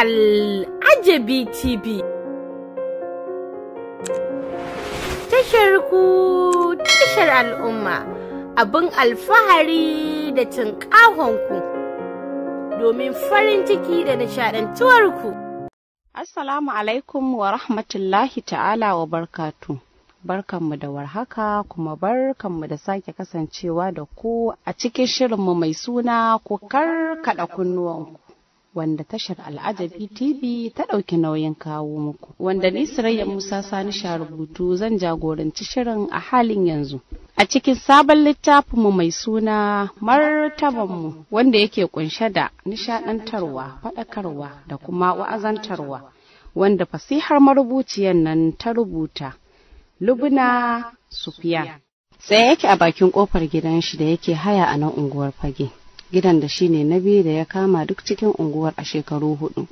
Al'ajabi TV. Tashar ku tashar al'umma abin alfahari da ku domin farin ciki da nishaɗantuwarku. Assalamu alaikum wa rahmatullahi ta'ala wa barkatu. Barkanmu da warhaka kuma barkanmu da sake kasancewa da ku a cikin shirinmu mai suna ku karkada kunnuwanku. wanda tashar al'ajabi tv ta ɗauki nauyin kawo muku wanda ni sirayya musa sani sha rubutu zan jagoranci shirin a halin yanzu a cikin sabon littafinmu mai suna martabanmu wanda yake kunshe da nishaɗantarwa, faɗakarwa da kuma wa'azantarwa wanda fasihar marubuciyar nan ta rubuta Lubuna Sufiya. sai yake a bakin kofar gidan shi da yake haya a nan unguwar fage gidan da shi ne na biyu da ya kama duk cikin unguwar a shekaru hudu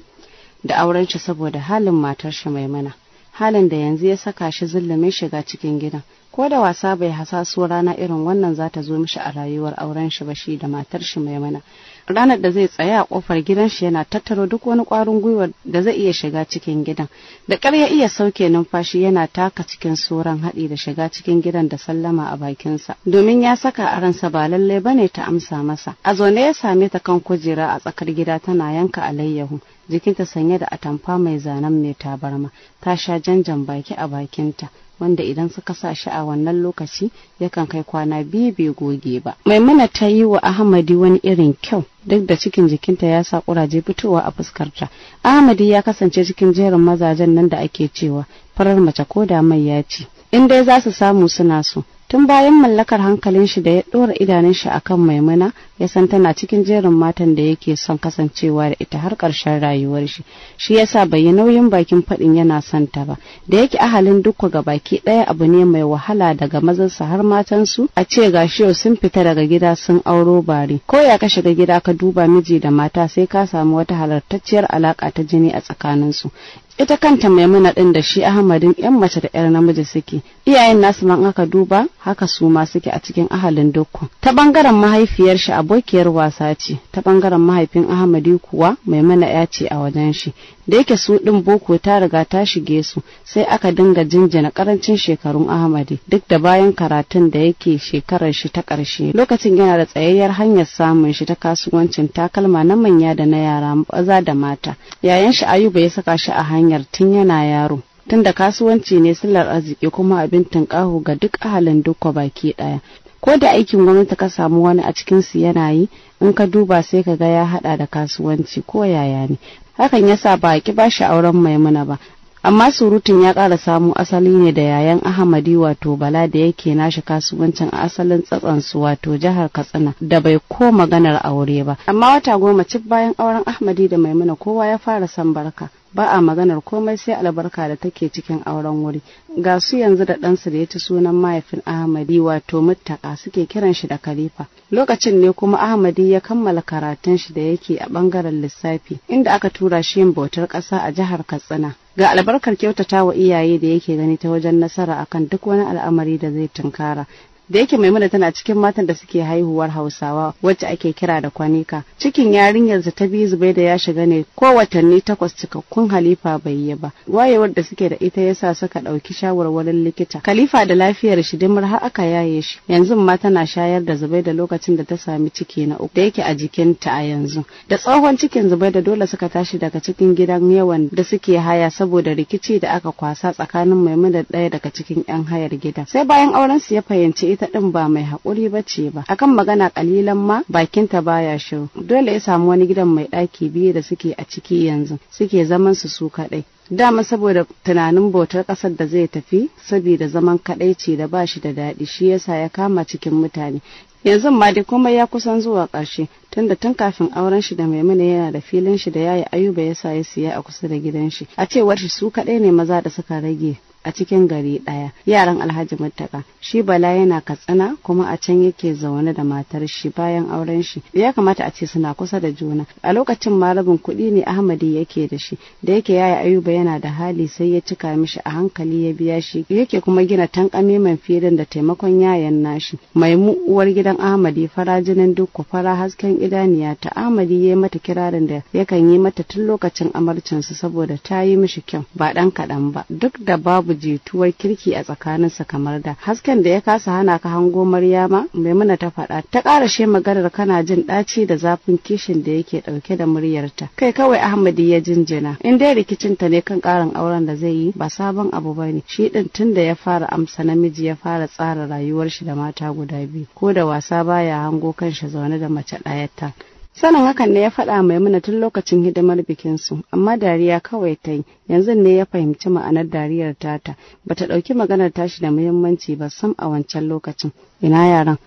da auren shi saboda halin matar shi maimuna halin da yanzu ya saka shi zillumin shiga cikin gidan ko da wasa bai hasaso rana irin wannan za ta zo mishi a rayuwar auren shi ba shi da matar shi maimuna ranar da zai tsaya a kofar gidan shi yana tattaro duk wani kwarin gwiwar da zai iya shiga cikin gidan da ƙarya ya iya sauke numfashi yana taka cikin tsoron haɗi da shiga cikin gidan da sallama a bakinsa domin ya saka a ransa ba lalle bane ta amsa masa a zaune ya same ta kan kujera a tsakar gida tana yanka alayyahu jikinta sanye da atamfa mai zanen mai tabarma ta sha janjan baki a bakinta wanda idan suka sa shi a wannan lokaci yakan kai kwana biyu bai goge ba maimuna ta yi wa ahmadi wani irin kyau duk da cikin jikinta ya sa kuraje fitowa a fuskarta ahmadi ya kasance cikin jerin mazajen nan da ake cewa farar mace ko da mai ya ce in dai za su samu suna so tun bayan mallakar hankalin shi da ya ɗora idanun shi akan maimuna ya san tana cikin jerin matan da yake son kasancewa da ita har ƙarshen rayuwar shi shi yasa bai yi nauyin bakin faɗin yana son ta ba da yake ahalin duk ga baki ɗaya abu ne mai wahala daga mazansa har matansu a ce ga shi sun fita daga gida sun auro bari ko ya ka shiga gida ka duba miji da mata sai ka samu wata halartacciyar alaƙa ta jini a tsakanin su ita kanta maimuna ɗin da shi ahmadin yan mace da yar namiji suke iyayen nasu man aka duba haka su ma suke a cikin ahalin dukku ta bangaren mahaifiyar shi abokiyar wasa ce ta bangaren mahaifin ahmadi kuwa maimuna ya ce a wajen shi da yake su ɗin boko ta riga ta shige su sai aka dinga jinjina karancin shekarun ahmadi duk da bayan karatun da yake shekarar shi ta ƙarshe lokacin yana da tsayayyar hanyar samun shi ta kasuwancin takalma na manya da na yara maza da mata yayan shi ayuba ya saka shi a hanya hanyar tun yana yaro tunda kasuwanci ne sular arziki kuma abin tunƙaho ga duk ahalin dukka baki ɗaya ko da aikin gwamnati ka samu wani a cikin su yana yi in ka duba sai ka ga ya hada da kasuwanci ko yaya ne hakan ya sa ba ki bashi auren maimuna ba amma surutun ya ƙara samu asali ne da yayan ahmadi wato bala da yake nashi kasuwancin a asalin su wato jihar katsina da bai ko maganar aure ba amma wata goma cik bayan auren ahmadi da maimuna kowa ya fara san barka ba a maganar komai sai albarka da take cikin auren wuri ga su yanzu da ɗansu da ya ci sunan mahaifin ahmadi wato muttaka suke kiran shi da khalifa lokacin ne kuma ahmadi ya kammala karatun shi da yake a bangaren lissafi inda aka tura shi yin bautar ƙasa a jihar katsina ga albarkar kyautata wa iyaye da yake gani ta wajen nasara akan duk wani al'amari da zai tunkara da yake maimuna tana cikin matan da suke haihuwar hausawa wacce ake kira da kwanika cikin yarinyar ta biyu zubai da ya shiga ne ko watanni takwas cikakkun halifa bai yi ba wayewar da suke da ita yasa suka ɗauki shawarwarin likita khalifa da lafiyar shi dimar har aka yaye shi yanzu ma tana shayar da zubai da lokacin da ta sami ciki na uku da yake a jikin ta a yanzu da tsohon cikin zubai da dole suka tashi daga cikin gidan yawan da suke haya saboda rikici da aka kwasa tsakanin maimuna ɗaya daga cikin 'yan hayar gida sai bayan auren su ya fahimci ita din ba mai haƙuri ba ce ba akan magana kalilan ma bakinta baya shiru dole ya samu wani gidan mai ɗaki biyu da suke a ciki yanzu suke zaman su su kaɗai dama saboda tunanin bautar ƙasar da zai tafi saboda zaman ce da ba shi da daɗi shi yasa ya kama cikin mutane yanzu ma dai komai ya kusan zuwa ƙarshe tunda tun kafin auren shi da maimuna yana da filin shi da yayi ayuba yasa ya siya a kusa da gidan shi a cewar shi su kaɗai ne maza da suka rage a cikin gari ɗaya yaran alhaji muttaka shi bala yana katsina kuma a can yake zaune da matar shi bayan auren shi ya kamata a ce suna kusa da juna a lokacin ma kuɗi ne ahmadi yake da shi da yake yaya ayuba yana da hali sai ya cika mishi a hankali ya biya shi yake kuma gina tankame man filin da taimakon yayan nashi maimu uwar gidan ahmadi fara jinin duk fara hasken idaniya ta ahmadi ya mata kirarin da yakan yi mata tun lokacin amarcinsu saboda ta yi mishi kyau ba ɗan kaɗan ba duk da babu jituwar kirki a tsakaninsa kamar da hasken da ya kasa hana ka hango maryama maimuna ta faɗa ta ƙarashe maganar kana jin ɗaci da zafin kishin da yake ɗauke da muryarta kai kawai ahmadi ya jinjina in dai rikicinta ne kan ƙarin auren da zai yi ba sabon abu ba ne shi ɗin tun da ya fara amsa namiji ya fara tsara rayuwar shi da mata guda biyu ko da wasa baya hango kanshi zaune da mace ɗaya-ta. sanin hakan ne ya faɗa maimuna tun lokacin hidimar bikinsu amma dariya kawai ta yi yanzu ne ya fahimci ma'anar dariyar tata bata ɗauki maganar tashi da muhimmanci ba sam a wancan lokacin ina yaran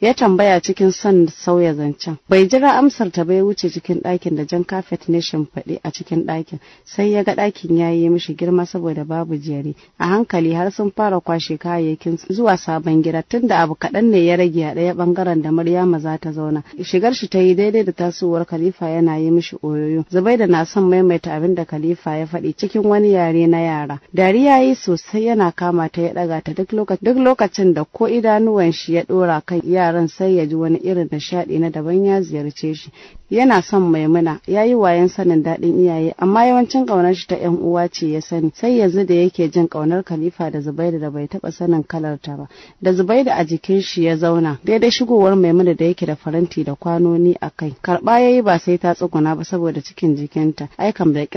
ya tambaya cikin son sauya zancen bai jira amsar ta bai wuce cikin ɗakin da jan kafet ne faɗi a cikin ɗakin sai ya ga ɗakin ya yi mishi girma saboda babu jere a hankali har sun fara kwashe kayayyakin zuwa sabon gida tunda abu kaɗan ne ya rage a ɗaya ɓangaren da Maryama za ta zauna shigar shi ta yi daidai da tasowar Khalifa yana yi mishi oyoyo da na son maimaita abin da Khalifa ya faɗi cikin wani yare na yara dariya yi sosai yana kama ta ya ɗaga ta duk lokacin da ko idanuwan shi ya ɗora kan yara yaran sai ya ji wani irin nishaɗi na daban ya ziyarce shi yana son maimuna ya yi wayan sanin daɗin iyaye amma yawancin ƙaunar shi ta yan uwa ce ya sani sai yanzu da yake jin ƙaunar khalifa da zubaida da bai taɓa sanin kalar ta ba da zubaida a jikin shi ya zauna daidai shigowar maimuna da yake da faranti da kwanoni a kai karɓa ya yi ba sai ta tsuguna ba saboda cikin jikinta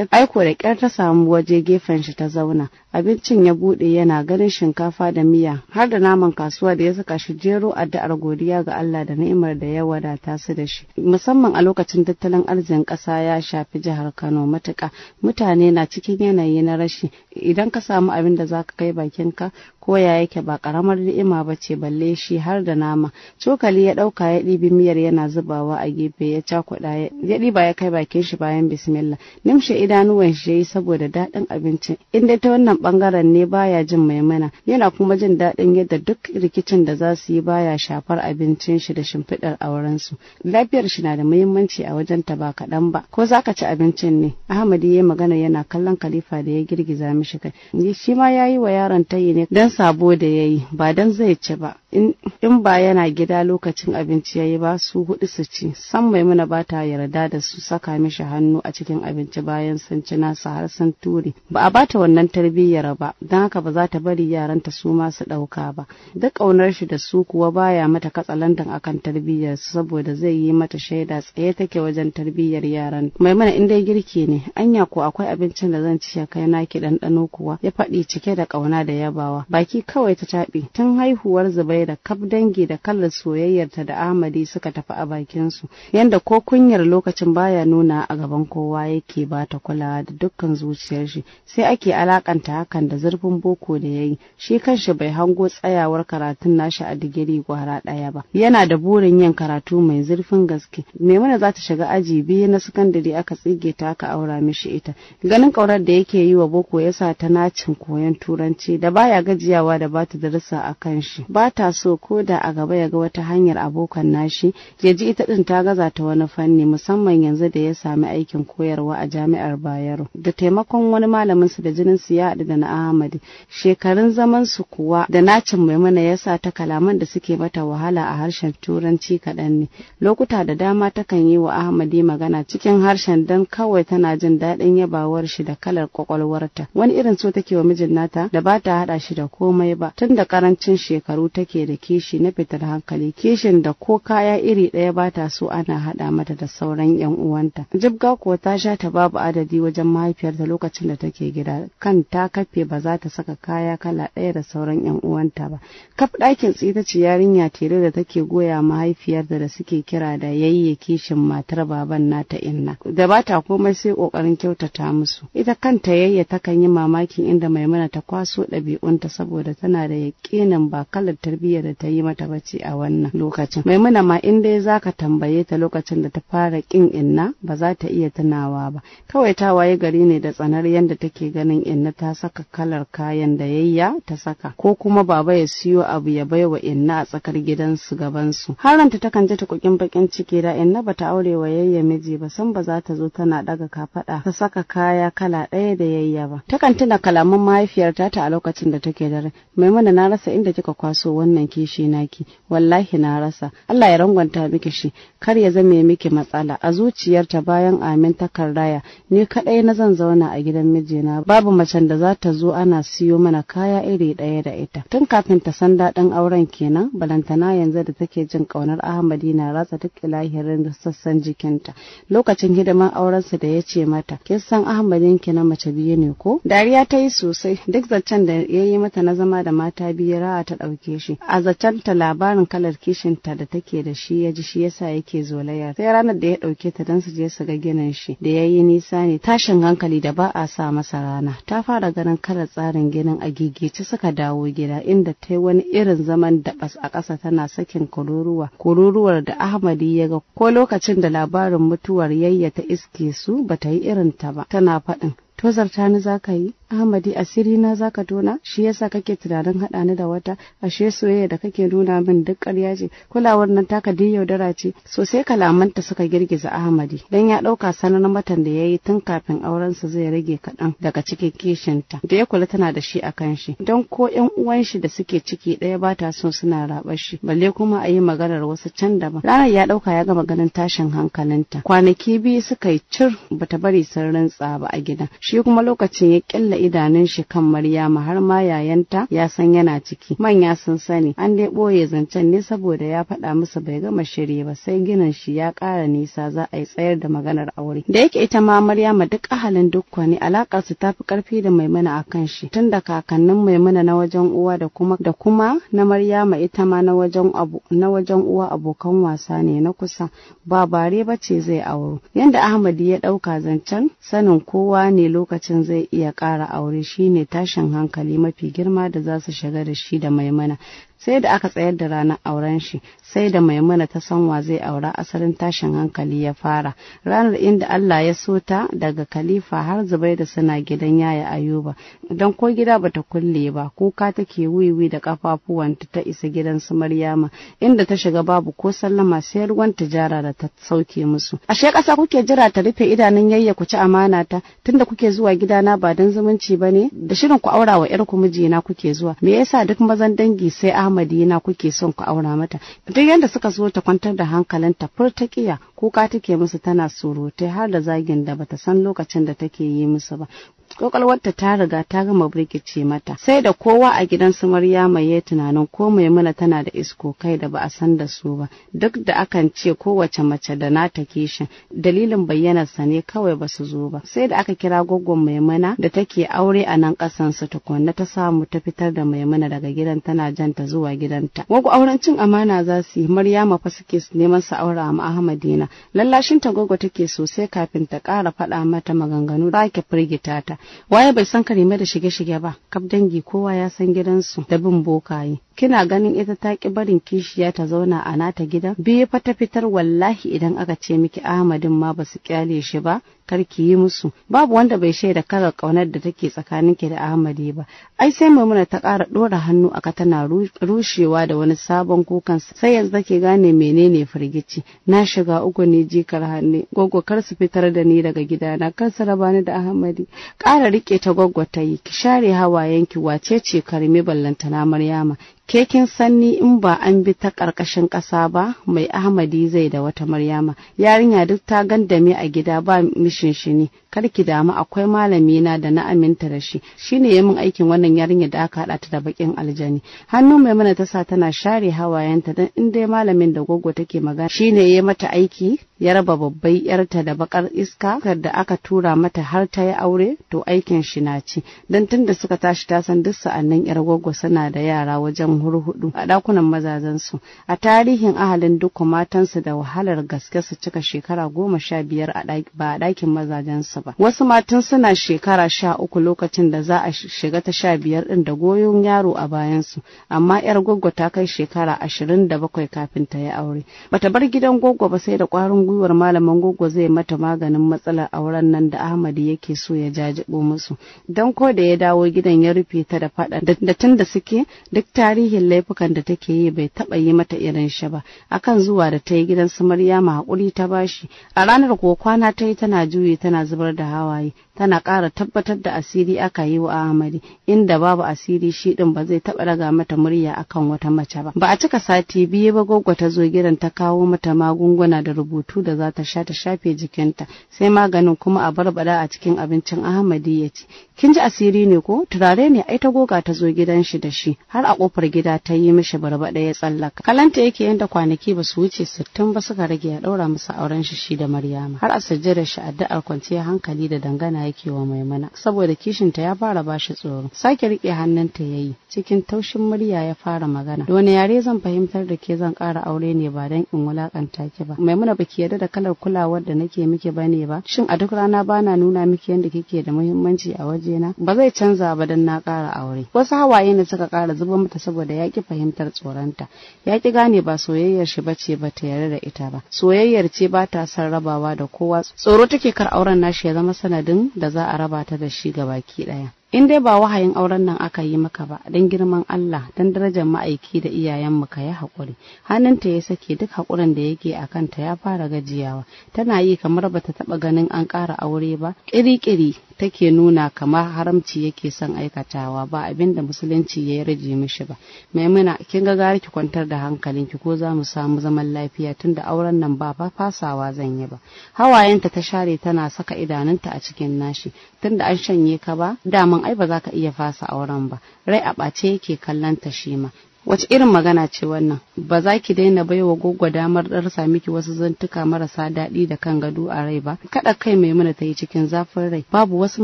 Aiko da ƙyar ta samu waje gefen shi ta zauna abincin ya bude yana ganin shinkafa da miya har da naman kasuwa da ya saka shi jero addu'ar godiya ga Allah da ni'imar da ya wadata su da shi musamman a lokacin tattalin arzikin ƙasa ya shafi jihar Kano matuƙa mutane na cikin yanayi na rashi idan ka samu abin da zaka kai bakinka ko ya yake ba karamar ni'ima ba ce balle shi har da nama cokali ya ɗauka ya ɗibi miyar yana zubawa a gefe ya cakuɗa ya ɗiba ya kai bakin shi bayan bismillah nimshe idanuwan shi yayi saboda daɗin abincin in dai ta wannan bangaren ne baya jin maimuna yana kuma jin daɗin yadda duk rikicin da za su yi baya shafar abincin shi da shimfiɗar auren su lafiyar shi na da muhimmanci a wajen ta ba kaɗan ba ko zaka ci abincin ne ahmad yayi magana yana kallon khalifa da ya girgiza mishi kai shi ma ya wa yaron tayi ne dan sabo da yayi ba dan zai ci ba in ba yana gida lokacin abinci ya yi ba su hudu su ci san maimuna ba ta yarda da su saka mishi hannu a cikin abinci bayan sun ci nasa har sun ture ba a bata wannan tarbiyyar ba don haka ba za ta bari yaranta su ma su ɗauka ba duk ƙaunar shi da su kuwa baya mata katsalandan akan tarbiyyar su saboda zai yi mata shaida tsaye take wajen tarbiyyar yaran maimuna in dai girki ne anya ko akwai abincin da zan ci ya kai naki ɗanɗano kuwa ya faɗi cike da ƙauna da yabawa baki kawai ta caɓe tun haihuwar zubai da kaf dangi da kallon soyayyarta da Amadi suka tafi a bakinsu yadda ko kunyar lokacin baya nuna a gaban kowa yake ba ta kulawa da dukkan zuciyar shi sai ake alakanta hakan da zurfin boko da yayi shi kanshi bai hango tsayawar karatun nashi a digiri gwara ɗaya ba yana da burin yin karatu mai zurfin gaske maimuna za ta shiga aji biyu na sakandare aka tsige ta aka aura mishi ita ganin kaurar da yake yi wa boko yasa ta nacin koyon turanci da baya gajiyawa da ba ta darasa a kan shi ba ta so ko da a gaba ya ga wata hanyar abokan nashi ya ji ita din ta gaza ta wani fanni musamman yanzu da ya sami aikin koyarwa a jami'ar Bayero da taimakon wani malamin su da jinin su ya haɗu da na Ahmad shekarun zaman su kuwa da nacin maimuna ya sa ta kalaman da suke mata wahala a harshen turanci kaɗan ne lokuta da dama takan yi wa Ahmadi magana cikin harshen dan kawai tana jin daɗin yabawar shi da kalar kwakwalwarta wani irin so take wa mijin nata da ba ta haɗa shi da komai ba tun da karancin shekaru take da kishi na fitar hankali kishin da ko kaya iri ɗaya ba ta so ana haɗa mata da sauran yan uwanta jibga kuwa ta sha ta babu adadi wajen mahaifiyarta lokacin da take gida kan ta kafe ba za ta saka kaya kala ɗaya da sauran yan uwanta ba kaf ɗakin tsita ce yarinya tere da take goya mahaifiyarta da suke kira da yayye kishin matar baban nata inna da ba ta komai sai ƙoƙarin kyautata musu ita kanta yayya takan yi mamakin inda maimuna ta kwaso ɗabi'unta saboda tana da yaƙinin ba kalar tarbiyya tarbiyya da ta yi mata bace a wannan lokacin maimuna ma in dai zaka tambaye ta lokacin da ta fara kin inna ba za ta iya tunawa ba kawai ta waye gari ne da tsanar yadda take ganin inna ta saka kalar kayan da yayya ta saka ko kuma baba ya siyo abu ya baiwa inna a tsakar gidansu gabansu haranta takan ji tukukin bakin ciki da inna bata aure wa yayya miji ba san ba za ta zo tana daga kafada ta saka kaya kala ɗaya da yayya ba takan tuna kalaman mahaifiyarta ta a lokacin da take dare maimuna na rasa inda kika kwaso wannan wannan kishi naki wallahi na rasa Allah ya rangwanta miki shi kar ya zame miki matsala a zuciyarta bayan amin takardaya ni kadai na zan zauna a gidan mijina babu macen da za ta zo ana siyo mana kaya iri ɗaya da ita tun kafin ta san daɗin auren kenan balantana yanzu da take jin ƙaunar Ahmadi na ratsa duk lahirin sassan jikinta lokacin hidiman sa da ya ce mata kin san Ahmadin ki na mace biyu ne ko dariya ta yi sosai duk zancen da ya yi mata na zama da mata biyu ra'a ta ɗauke shi a ta labarin kalar kishinta da take da shi ya ji shi yasa yake zolaya sai ranar da ya ɗauke ta don su je su ga ginin shi da ya yi nisa ne tashin hankali da ba a sa masa rana ta fara ganin kalar tsarin ginin a gigice suka dawo gida inda ta wani irin zaman da bas a ƙasa tana sakin kururuwa kururuwar da ahmadi ya ga ko lokacin da labarin mutuwar yayya ta iske su bata yi irin ta ba tana faɗin tozarta ni za ka yi Ahmadi asiri na zaka tona shi yasa kake tunanin haɗa ni da wata ashe soyayya da kake nuna min duk ƙarya ce kulawar nan taka din yaudara ce sosai kalamanta suka girgiza Ahmadi dan ya ɗauka sanar matan da yayi tun kafin aurensa zai rage kaɗan daga cikin kishinta da ya kula tana da shi a kan shi don ko ƴan uwan shi da suke ciki ɗaya ba ta son suna raɓar shi balle kuma a yi maganar wasu can daban ranar ya ɗauka ya gama ganin tashin hankalinta kwanaki biyu suka yi cir bata bari sun rantsa ba a gidan shi kuma lokacin ya ƙilla idanun shi kan Maryama har ma yayanta ya san yana ciki. Manya sun sani an dai ɓoye zancen ne saboda ya faɗa musu bai gama shirye ba sai ginin shi ya ƙara nisa za a yi tsayar da maganar aure. Da yake ita ma Maryama duk ahalin dukka ne alaƙar su fi ƙarfi da Maimuna a kan shi tun da kakannin Maimuna na wajen uwa da kuma da kuma na Maryama ita ma na wajen abu na wajen uwa abokan wasa ne na kusa ba bare ba ce zai auro. Yanda Ahmad ya ɗauka zancen sanin kowa ne lokacin zai iya ƙara a aure shine tashin hankali mafi girma da za su shiga da shi da maimuna sai da aka tsayar da ranar auren shi sai da maimuna ta san wa zai aura asalin tashin hankali ya fara ranar inda Allah ya so ta daga khalifa har zubaida suna gidan yaya ayuba don ko gida bata kulle ba kuka take wiwi da kafafuwanta ta isa gidan su maryama inda ta shiga babu ko sallama sai ruwan tijara da ta sauke musu ashe ƙasa kuke jira ta rufe idanun yayya ku ci amana ta tunda kuke zuwa gidana ba don zumunci ba ne? da shirin ku aura wa 'yarku mijina kuke zuwa me yasa duk mazan dangi sai madina kuke son ku aura mata duk yadda suka zo ta kwantar da hankalinta furtakiya kuka take musu tana surutai har da zagin da bata san lokacin da take yi musu ba kwakwalwarta ta riga ta gama birkice mata sai da kowa a gidan su maryama ya tunanin ko maimuna tana da isko kai da ba a san da su ba duk da akan ce kowace mace da nata kishin dalilin bayyanarsa ne kawai ba su zo ba sai da aka kira gwaggon maimuna da take aure a nan kasan su tukunna ta samu ta fitar da maimuna daga gidan tana janta zuwa gidanta gwaggo auren cin amana za su yi maryama fa suke neman su aure a ahmadina lallashin ta gwaggo take sosai kafin ta ƙara faɗa mata maganganu za ki firgita ta waye bai san karime da shige-shige ba kaf dangi kowa ya san gidansu da bin bokaye kina ganin ita ta ki barin kishiya ta zauna a nata gidan biye fata fitar wallahi idan aka ce miki Ahmadin ma basu kyale shi ba kar ki yi musu babu wanda bai shaida kara kaunar da take tsakanin ki da Ahmadi ba ai sai Maimuna ta ƙara ɗora hannu aka tana rushewa da wani sabon kukan sai yanzu take gane menene firgici na shiga uku ne jikar hannu gwaggo kar su fitar da ni daga gidana kar su raba ni da Ahmadi ƙara rike ta gwaggo ta yi ki share hawayen ki wace ce karmi ballantana Maryama ke kin sanni in ba an bi ta ƙarƙashin ƙasa ba mai ahmadi zai da wata maryama yarinya duk ta gandame a gida ba mishinshini kar ki damu akwai malami na da na aminta da shi shine ya min aikin wannan yarinya da aka haɗa ta da bakin aljani hannu mai mana ta sa tana share hawayenta dan in dai malamin da goggo take magana shine ya mata aiki ya raba babbai yarta da bakar iska da aka tura mata har ta yi aure to aikin shi na ci dan tunda suka tashi ta san duk sa'annan yar goggo suna da yara wajen hurhudu a ɗakunan mazajensu a tarihin ahalin duka matansu da wahalar gaske su cika shekara goma sha biyar ba a dakin mazajensu ba wasu matan suna shekara sha uku lokacin da za a shiga ta sha biyar ɗin da goyon yaro a bayansu amma yar goggo ta kai shekara ashirin da bakwai kafin ta yi aure bata bar gidan goggo ba sai da kwarin gwiwar malaman goggo zai mata maganin matsalar auren nan da ahmad yake so ya jajibo musu don ko da ya dawo gidan ya rufe ta da fada da tun da suke duk tarihi tarihin laifukan da take yi bai taɓa yi mata irin shi ba akan zuwa da ta yi gidan su Maryama hakuri ta bashi a ranar kuwa kwana ta yi tana juyi tana zubar da hawaye tana ƙara tabbatar da asiri aka yi wa Ahmadi inda babu asiri shi ɗin ba zai taɓa raga mata murya akan wata mace ba ba a cika sati biyu ba gogo ta zo gidan ta kawo mata magunguna da rubutu da za ta sha ta shafe jikinta sai maganin kuma a barbada a cikin abincin Ahmadi ya ci kin ji asiri ne ko turare ne ai ta goga ta zo gidan shi da shi har a kofar gida ta yi mishi barbaɗa ya tsallaka kalanta yake yanda kwanaki ba su wuce sittin ba suka rage ya ɗaura musu auren shi shi da maryama har a sajjada shi addu'ar kwanciyar hankali da dangana yake wa maimuna saboda kishinta ya fara bashi tsoro sake riƙe hannunta ya yi cikin taushin murya ya fara magana da yare zan fahimtar da ke zan ƙara aure ne ba don in wulakanta ki ba maimuna baki yarda da kalar kulawar da nake miki ba ne ba shin a duk rana bana nuna miki yadda kike da muhimmanci a wajena ba zai canza ba don na ƙara aure wasu hawaye ne suka ƙara zuba mata saboda saboda ya ki fahimtar tsoronta ya ki gane ba soyayyar shi bace ba ta yarda da ita ba soyayyar ce ba ta son rabawa da kowa tsoro take kar auren nashi ya zama sanadin da za a raba ta da shi gabaki ɗaya. in dai ba wahayin auren nan aka yi maka ba don girman Allah don darajar ma'aiki da iyayen ka yi haƙuri hannunta ya sake duk haƙurin da yake a kanta ya fara gajiyawa tana yi kamar bata taɓa ganin an ƙara aure ba ƙiri-ƙiri take nuna kamar haramci yake son aikatawa ba abin da musulunci ya rage mishi ba maimuna kin ga gari ki kwantar da hankalinki ko za mu samu zaman lafiya tunda auren nan ba fa fasawa zan yi ba hawayenta ta share tana saka idanunta a cikin nashi tunda an shanye ka ba daman ai ba za ka iya fasa auren ba rai a ɓace yake kallon ta shi ma wace irin magana ce wannan ba za ki daina baiwa goggo damar dar miki wasu zantuka marasa daɗi da kan gado a rai ba kada kai mai mana ta yi cikin zafin rai babu wasu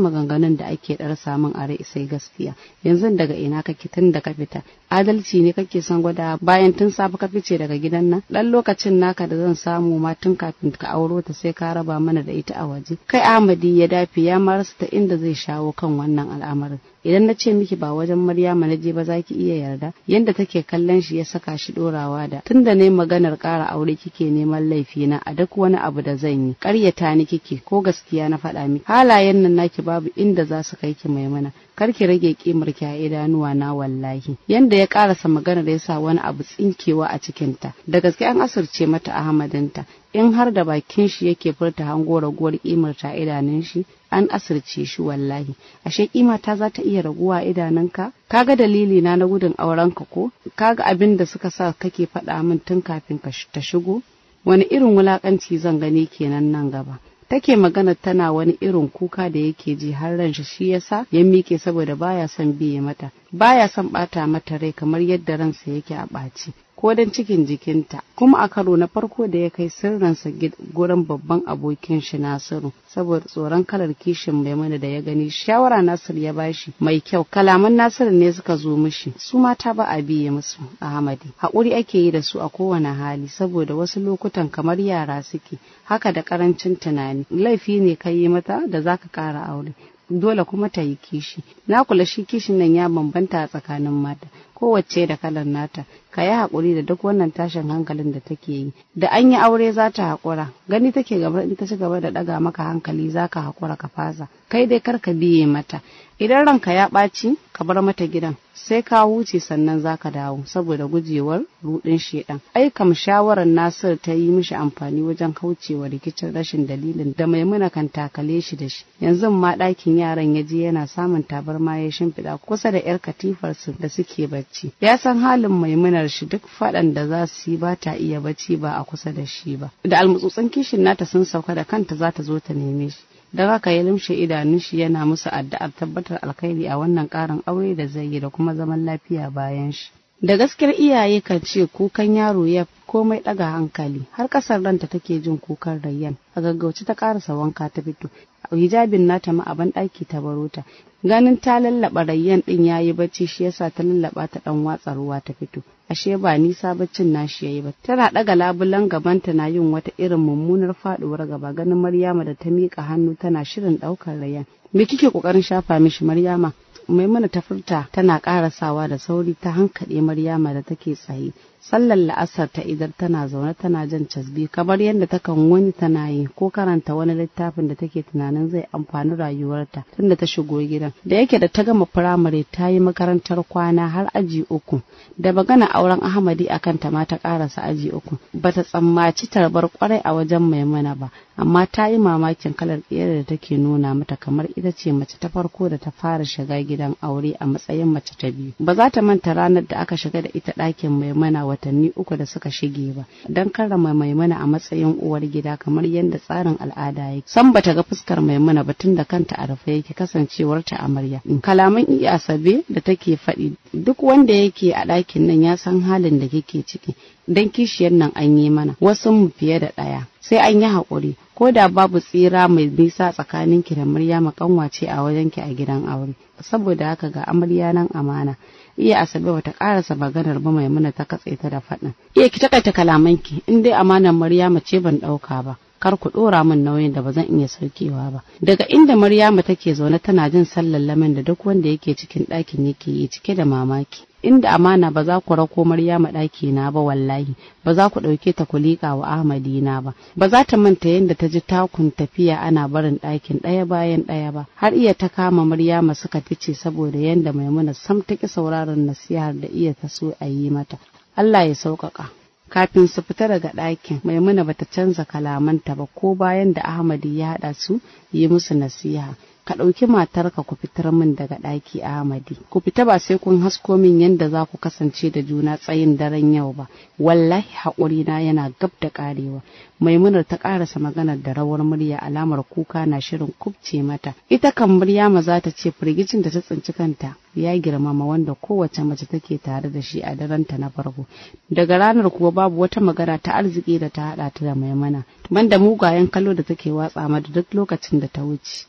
maganganun da ake ɗarsa min a rai sai gaskiya yanzu daga ina kake tun da ka fita adalci ne kake son gwada bayan tun safe ka fice daga gidan nan dan lokacin naka da zan samu ma tun kafin ka auro ta sai ka raba mana da ita a waje kai Amadi ya dafi ya marasa ta inda zai shawo kan wannan al'amarin idan na ce miki ba wajen maryama na je ba za ki iya yarda yanda take kallon shi ya saka shi dorawa da tunda ne maganar ƙara aure kike neman laifi na a duk wani abu da zan yi ƙaryata ni kike ko gaskiya na faɗa miki halayen nan naki babu inda za su kai ki maimuna kar ki rage kimar ki a idanuwa na wallahi yanda ya karasa maganar ya sa wani abu tsinkewa a cikinta da gaske an asirce mata ahmadinta in har da bakin shi yake furta hango raguwar kimar ta idanun shi an asirce shi wallahi ashe kima ta za ta iya raguwa idanunka kaga dalili na na gudun aurenka ko kaga abin da suka sa kake faɗa min tun kafin ka ta shigo wani irin wulakanci zan gani kenan nan gaba take magana tana wani irin kuka da yake ji har ran shi shi yasa ya mike saboda baya son biye mata baya son bata mata rai kamar yadda ransa yake a ɓaci ko don cikin jikinta kuma a karo na farko da ya kai sirrinsa gurin babban abokin shi nasiru saboda tsoron kalar kishin maimuna da ya gani shawara nasir ya bashi mai kyau kalaman nasiru ne suka zo mishi su mata ba a biye musu ahmadi haƙuri ake yi da su a kowane hali saboda wasu lokutan kamar yara suke haka da karancin tunani laifi ne ka yi mata da zaka kara aure dole kuma ta yi kishi na kula shi kishin nan ya bambanta a tsakanin mata kowace da kalan nata ka yi haƙuri da duk wannan tashin hankalin da take yi da an yi aure za ta haƙura gani take gaba in ta ci gaba da ɗaga maka hankali za ka haƙura ka fasa kai dai kar ka biye mata idan ranka ya ɓaci ka bar mata gidan sai ka wuce sannan za ka dawo saboda gujewar ruɗin shedan ai kam shawarar nasir ta yi mishi amfani wajen kaucewa rikicin rashin dalilin da maimuna kan takale shi da shi yanzu ma ɗakin yaran ya je yana samun tabarma ya shimfiɗa kusa da 'yar katifarsu da suke bai bacci ya san halin maimunar shi duk faɗan da za su yi ba ta iya bacci ba a kusa da shi ba da almutsutsun kishin nata sun sauka da kanta za ta zo ta neme shi Da haka ya lumshe idanun shi yana musu addu'ar tabbatar alkhairi a wannan karin aure da zai yi da kuma zaman lafiya bayan shi da gaskiyar iyaye kan ce kukan yaro ya komai daga hankali har kasar ranta take jin kukan rayyan a gaggauce ta karasa wanka ta fito hijabin nata ma a banɗaki ta baro ta ganin ta lallaɓa rayyan din yayi bacci shi yasa ta lallaɓa ta ɗan watsa ruwa ta fito ashe ba nisa baccin nashi yayi ba tana daga labulan gaban ta na yin wata irin mummunar faduwar gaba ganin Maryama da ta mika hannu tana shirin ɗaukar rayyan me kike kokarin shafa mishi Maryama maimuna ta furta tana karasawa da sauri ta hankali maryama da take tsaye sallar la'asar ta idan tana zaune tana jan casbi kamar yadda takan wani tana yi ko karanta wani littafin da take tunanin zai amfani rayuwarta tunda ta shigo gidan da yake da ta gama firamare ta yi makarantar kwana har aji uku da magana auren ahmadi a kanta ma ta karasa aji uku bata tsammaci tarbar kwarai a wajen maimuna ba amma ta yi mamakin kalar ɗaya da take nuna mata kamar ita ce mace ta farko da ta fara shiga gidan aure a matsayin mace ta biyu ba za ta manta ranar da aka shiga da ita ɗakin maimuna watanni uku da suka shige ba don karrama maimuna a matsayin uwar gida kamar yadda tsarin al'ada yake san bata ga fuskar maimuna ba tun da kanta a rufe yake kasancewar ta amarya kalaman iya asabe da take faɗi duk wanda yake a ɗakin nan ya san halin da kike ciki don kishiyar nan an yi mana wasu mu fiye da ɗaya sai an yi haƙuri ko da babu tsira mai nisa tsakaninki da murya kanwace a ki a gidan aure saboda haka ga amarya nan amana iya asabe bata karasa maganar ba maimuna ta katse ta da faɗin iya ki takaita kalamanki in dai amanar maryama ce ban ɗauka ba kar ku ɗora min nauyin da ba zan iya saukewa ba daga inda maryama take zaune tana jin sallallamin da duk wanda yake cikin ɗakin yake yi cike da mamaki inda amana ba za ku rako Maryama ɗaki na ba wallahi ba za ku ɗauke ta ku liƙa wa na ba ba za ta manta yadda ta ji takun tafiya ana barin ɗakin ɗaya bayan ɗaya ba har iya ta kama Maryama suka fice saboda yadda Maimuna sam ta ki sauraron nasihar da iya ta so a yi mata Allah ya sauƙaƙa kafin su fita daga ɗakin maimuna bata canza kalamanta ba ko bayan da ahmadi ya haɗa su yi musu nasiha ka ɗauki matarka ku fitar min daga ɗaki Ahmadi. Ku fita ba sai kun hasko min yadda za ku kasance da juna tsayin daren yau ba. Wallahi haƙuri na yana gab da ƙarewa. Maimunar ta ƙarasa maganar da rawar murya alamar kuka na shirin kubce mata. Ita kan Maryama za ta ce firgicin da ta tsinci kanta ya girmama wanda kowace mace take tare da shi a daranta na farko. Daga ranar kuwa babu wata magana ta arziki da ta haɗa ta da maimana. Banda mugayen kallo da take watsa mata duk lokacin da ta wuce.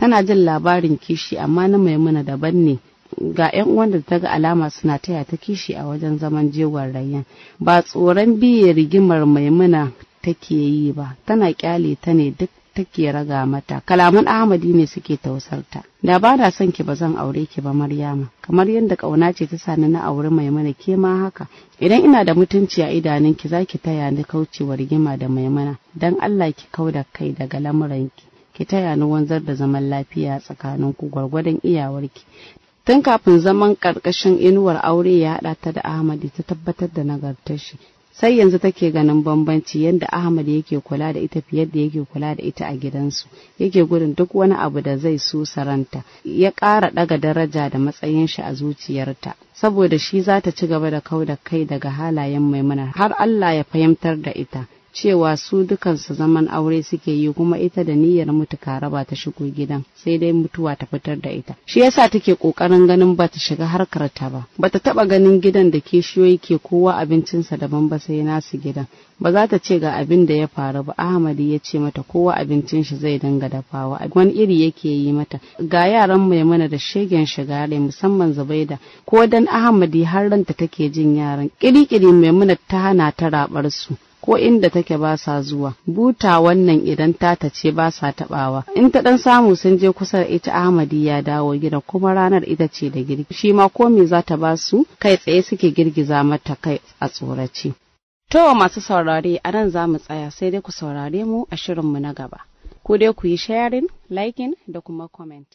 tana jin labarin kishi amma na maimuna daban ne ga 'yan uwan da ta ga alama suna taya ta kishi a wajen zaman jewar rayyan ba tsoron biye rigimar maimuna take yi ba tana kyale ta ne duk take raga mata kalaman ahmadi ne suke tausarta da ba da son ki ba zan aure ki ba maryama kamar yadda kauna ce ta sani na aure maimuna ke ma haka idan ina da mutunci a idanunki za ki taya ni kaucewa rigima da maimuna Don allah ki kauda kai daga lamuranki ki taya ni wanzar da zaman lafiya tsakanin ku gwargwadon iyawarki tun kafin zaman karkashin inuwar aure ya haɗa ta da ahmadi ta tabbatar da nagartar shi sai yanzu take ganin bambanci yadda ahmad yake kula da ita fiye da yake kula da ita a gidansu yake gudun duk wani abu da zai so saranta ya ƙara ɗaga daraja da matsayin shi a zuciyarta saboda shi za ta ci gaba da kau da kai daga halayen maimuna har allah ya fahimtar da ita cewa su dukansu zaman aure suke yi kuma ita da niyyar mutu raba ta shigo gidan sai dai mutuwa ta fitar da ita shi yasa take kokarin ganin ba ta shiga harkar ta ba ta taba ganin gidan da kishiyoyi ke kowa abincinsa daban ba sai nasu gidan ba za ta ce ga abin da ya faru ba ahmadi ya ce mata kowa abincin shi zai dinga dafawa wani iri yake yi mata ga yaran maimuna da shegen ne musamman zubaida ko dan ahmadi har ranta take jin yaran kirikiri maimuna ta hana ta rabar su ko inda take ba sa zuwa buta wannan idan ta tace ba sa tabawa in ta dan samu sun je kusa da ita Ahmadi ya dawo gida kuma ranar ita ce da girki shi ma ko me za ta ba su kai tsaye suke girgiza mata kai a tsorace to masu saurare a nan za mu tsaya sai dai ku saurare mu a mu na gaba ku dai ku yi sharing liking da kuma comment